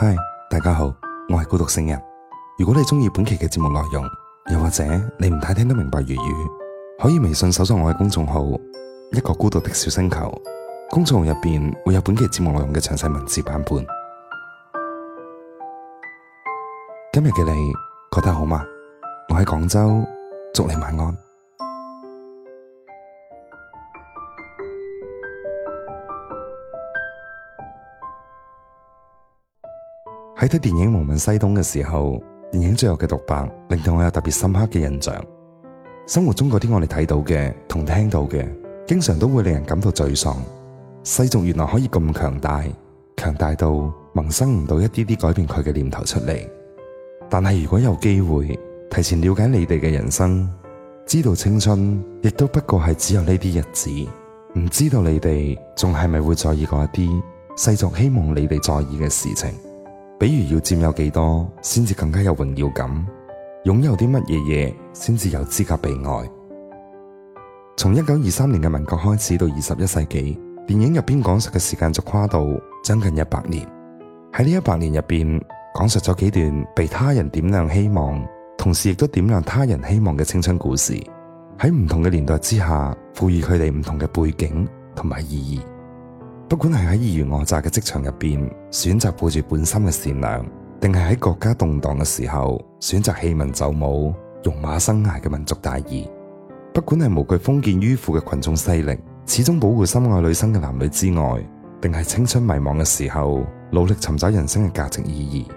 嗨，Hi, 大家好，我係孤獨星人。如果你鍾意本期嘅節目內容，又或者你唔太聽得明白粵語，可以微信搜索我嘅公眾號一個孤獨的小星球，公眾號入邊會有本期節目內容嘅詳細文字版本。今日嘅你覺得好嗎？我喺廣州，祝你晚安。喺睇電影《無問西東》嘅時候，電影最後嘅獨白令到我有特別深刻嘅印象。生活中嗰啲我哋睇到嘅同聽到嘅，經常都會令人感到沮喪。世俗原來可以咁強大，強大到萌生唔到一啲啲改變佢嘅念頭出嚟。但係如果有機會，提前了解你哋嘅人生，知道青春亦都不過係只有呢啲日子，唔知道你哋仲係咪會在意過一啲世俗希望你哋在意嘅事情。比如要佔有幾多先至更加有榮耀感，擁有啲乜嘢嘢先至有資格被愛。從一九二三年嘅民國開始到二十一世紀，電影入邊講述嘅時間就跨度將近一百年。喺呢一百年入邊，講述咗幾段被他人點亮希望，同時亦都點亮他人希望嘅青春故事。喺唔同嘅年代之下，賦予佢哋唔同嘅背景同埋意義。不管係喺爾虞我詐嘅職場入邊選擇背住本心嘅善良，定係喺國家動蕩嘅時候選擇棄文就武、戎馬生涯嘅民族大義；不管係無懼封建迂腐嘅群眾勢力，始終保護心愛女生嘅男女之外，定係青春迷茫嘅時候努力尋找人生嘅價值意義。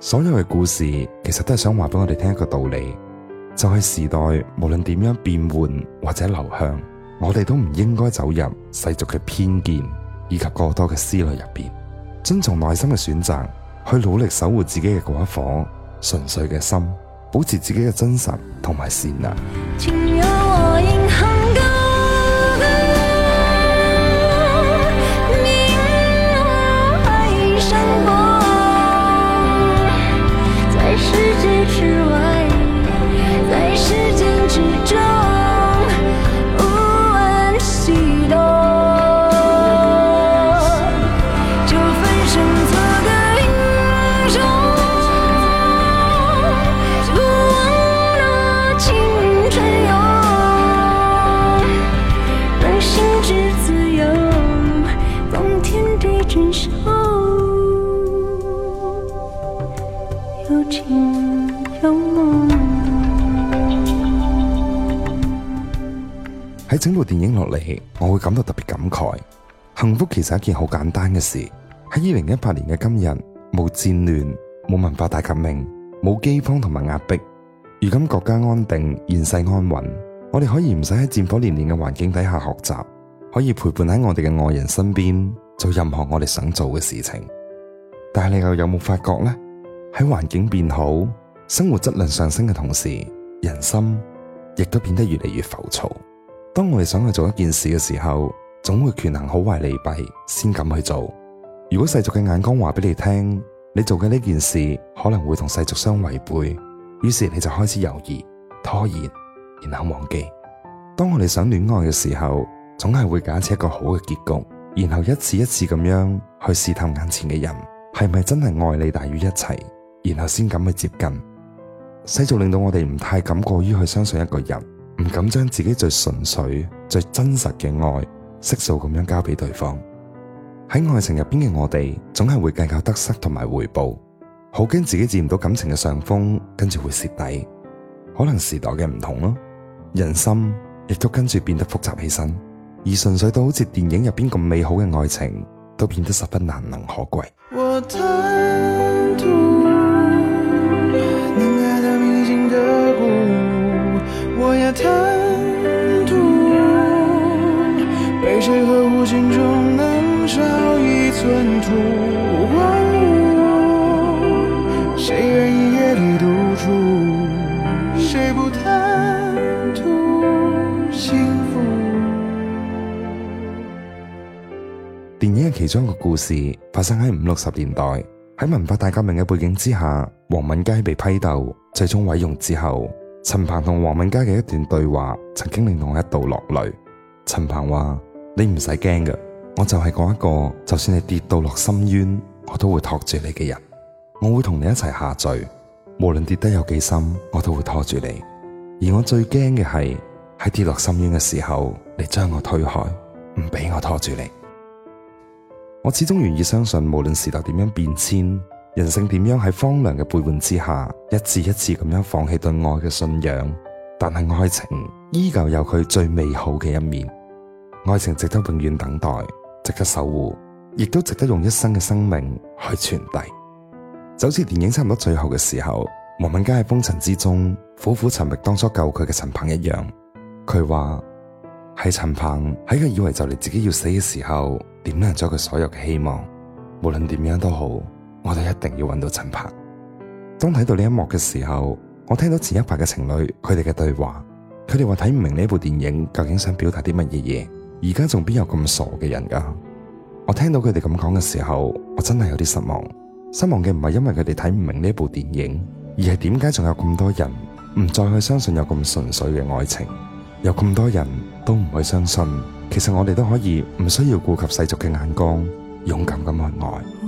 所有嘅故事其實都係想話俾我哋聽一個道理，就係時代無論點樣變換或者流向，我哋都唔應該走入世俗嘅偏見，以及過多嘅思慮入邊，遵從內心嘅選擇，去努力守護自己嘅嗰一顆純粹嘅心，保持自己嘅真實同埋善良。整部電影落嚟，我會感到特別感慨。幸福其實係一件好簡單嘅事。喺二零一八年嘅今日，冇戰亂，冇文化大革命，冇饑荒同埋壓迫。如今國家安定，現世安穩，我哋可以唔使喺戰火連連嘅環境底下學習，可以陪伴喺我哋嘅愛人身邊做任何我哋想做嘅事情。但係你又有冇發覺呢？喺環境變好、生活質量上升嘅同時，人心亦都變得越嚟越浮躁。當我哋想去做一件事嘅時候，總會權衡好壞利弊，先敢去做。如果世俗嘅眼光話俾你聽，你做嘅呢件事可能會同世俗相違背，於是你就開始猶豫、拖延，然後忘記。當我哋想戀愛嘅時候，總係會假設一個好嘅結局，然後一次一次咁樣去試探眼前嘅人係咪真係愛你大於一切，然後先敢去接近。世俗令到我哋唔太敢過於去相信一個人。唔敢將自己最純粹、最真實嘅愛悉數咁樣交俾對方。喺愛情入邊嘅我哋，總係會計較得失同埋回報，好驚自己佔唔到感情嘅上風，跟住會蝕底。可能時代嘅唔同咯，啊，人心亦都跟住變得複雜起身，而純粹到好似電影入邊咁美好嘅愛情，都變得十分難能可貴。電影嘅其中一個故事，發生喺五六十年代，喺文化大革命嘅背景之下，王敏佳被批鬥，最終毀容之後，陳鵬同王敏佳嘅一段對話，曾經令到我一度落淚。陳鵬話：你唔使驚噶。我就係嗰一個，就算你跌到落深淵，我都會托住你嘅人。我會同你一齊下墜，無論跌得有幾深，我都會托住你。而我最驚嘅係喺跌落深淵嘅時候，你將我推開，唔俾我托住你。我始終願意相信，無論時代點樣變遷，人性點樣喺荒涼嘅背叛之下，一次一次咁樣放棄對愛嘅信仰，但係愛情依舊有佢最美好嘅一面。愛情值得永遠等待，值得守護，亦都值得用一生嘅生命去傳遞。就好似電影差唔多最後嘅時候，王敏佳喺風塵之中苦苦尋覓當初救佢嘅陳鵬一樣。佢話係陳鵬喺佢以為就嚟自己要死嘅時候，點亮咗佢所有嘅希望。無論點樣都好，我哋一定要揾到陳鵬。當睇到呢一幕嘅時候，我聽到前一排嘅情侶佢哋嘅對話，佢哋話睇唔明呢部電影究竟想表達啲乜嘢嘢。而家仲邊有咁傻嘅人噶？我聽到佢哋咁講嘅時候，我真係有啲失望。失望嘅唔係因為佢哋睇唔明呢部電影，而係點解仲有咁多人唔再去相信有咁純粹嘅愛情？有咁多人都唔去相信，其實我哋都可以唔需要顧及世俗嘅眼光，勇敢咁去愛。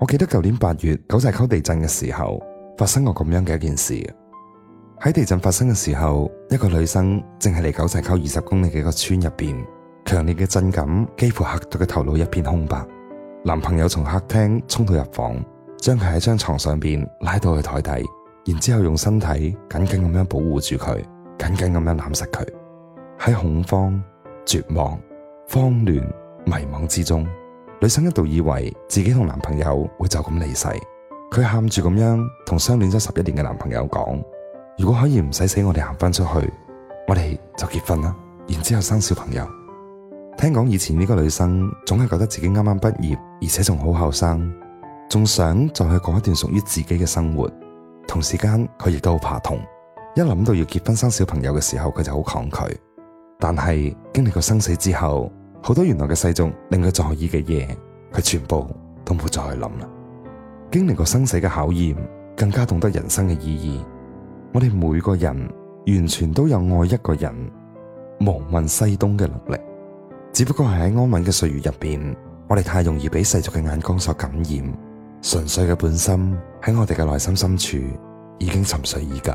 我記得舊年八月九寨溝地震嘅時候，發生過咁樣嘅一件事。喺地震發生嘅時候，一個女生淨係嚟九寨溝二十公里嘅一個村入邊，強烈嘅震感幾乎嚇到佢頭腦一片空白。男朋友從客廳衝到入房，將佢喺張床上邊拉到去台底，然之後用身體緊緊咁樣保護住佢，緊緊咁樣攬實佢。喺恐慌、絕望、慌亂、迷茫之中。女生一度以為自己同男朋友會就咁離世，佢喊住咁樣同相戀咗十一年嘅男朋友講：如果可以唔使死，我哋行翻出去，我哋就結婚啦，然之後生小朋友。聽講以前呢個女生總係覺得自己啱啱畢業，而且仲好後生，仲想再去過一段屬於自己嘅生活。同時間佢亦都好怕痛，一諗到要結婚生小朋友嘅時候，佢就好抗拒。但係經歷過生死之後。好多原來嘅世俗令佢在意嘅嘢，佢全部都冇再去諗啦。經歷過生死嘅考驗，更加懂得人生嘅意義。我哋每個人完全都有愛一個人，無問西東嘅能力，只不過係喺安穩嘅歲月入邊，我哋太容易俾世俗嘅眼光所感染，純粹嘅本心喺我哋嘅內心深處已經沉睡已久。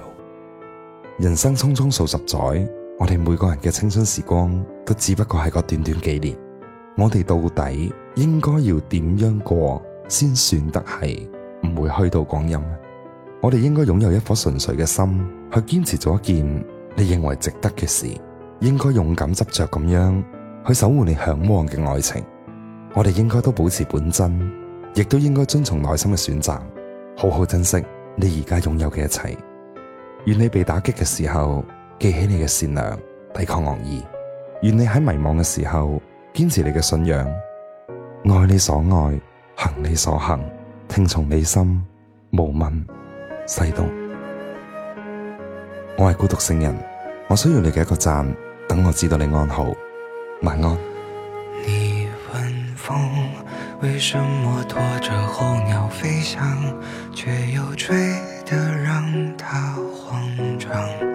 人生匆匆數十載。我哋每個人嘅青春時光都只不過係個短短幾年，我哋到底應該要點樣過先算得係唔會虛度光陰？我哋應該擁有一顆純粹嘅心，去堅持做一件你認為值得嘅事，應該勇敢執着咁樣去守護你向往嘅愛情。我哋應該都保持本真，亦都應該遵從內心嘅選擇，好好珍惜你而家擁有嘅一切。願你被打擊嘅時候。記起你嘅善良，抵抗惡意。願你喺迷茫嘅時候堅持你嘅信仰，愛你所愛，行你所行，聽從你心，無問西東。我係孤獨星人，我需要你嘅一個讚，等我知道你安好。晚安。你問風為什麼拖着候鳥飛翔，卻又吹得讓它慌張。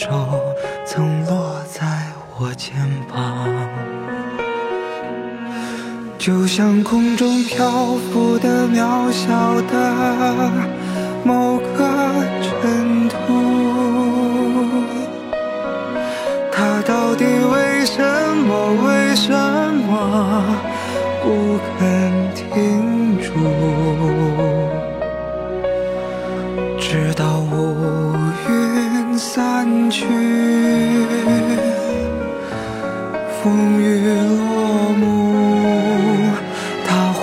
手曾落在我肩膀，就像空中漂浮的渺小的某個塵土，它到底為什麼為什麼不肯？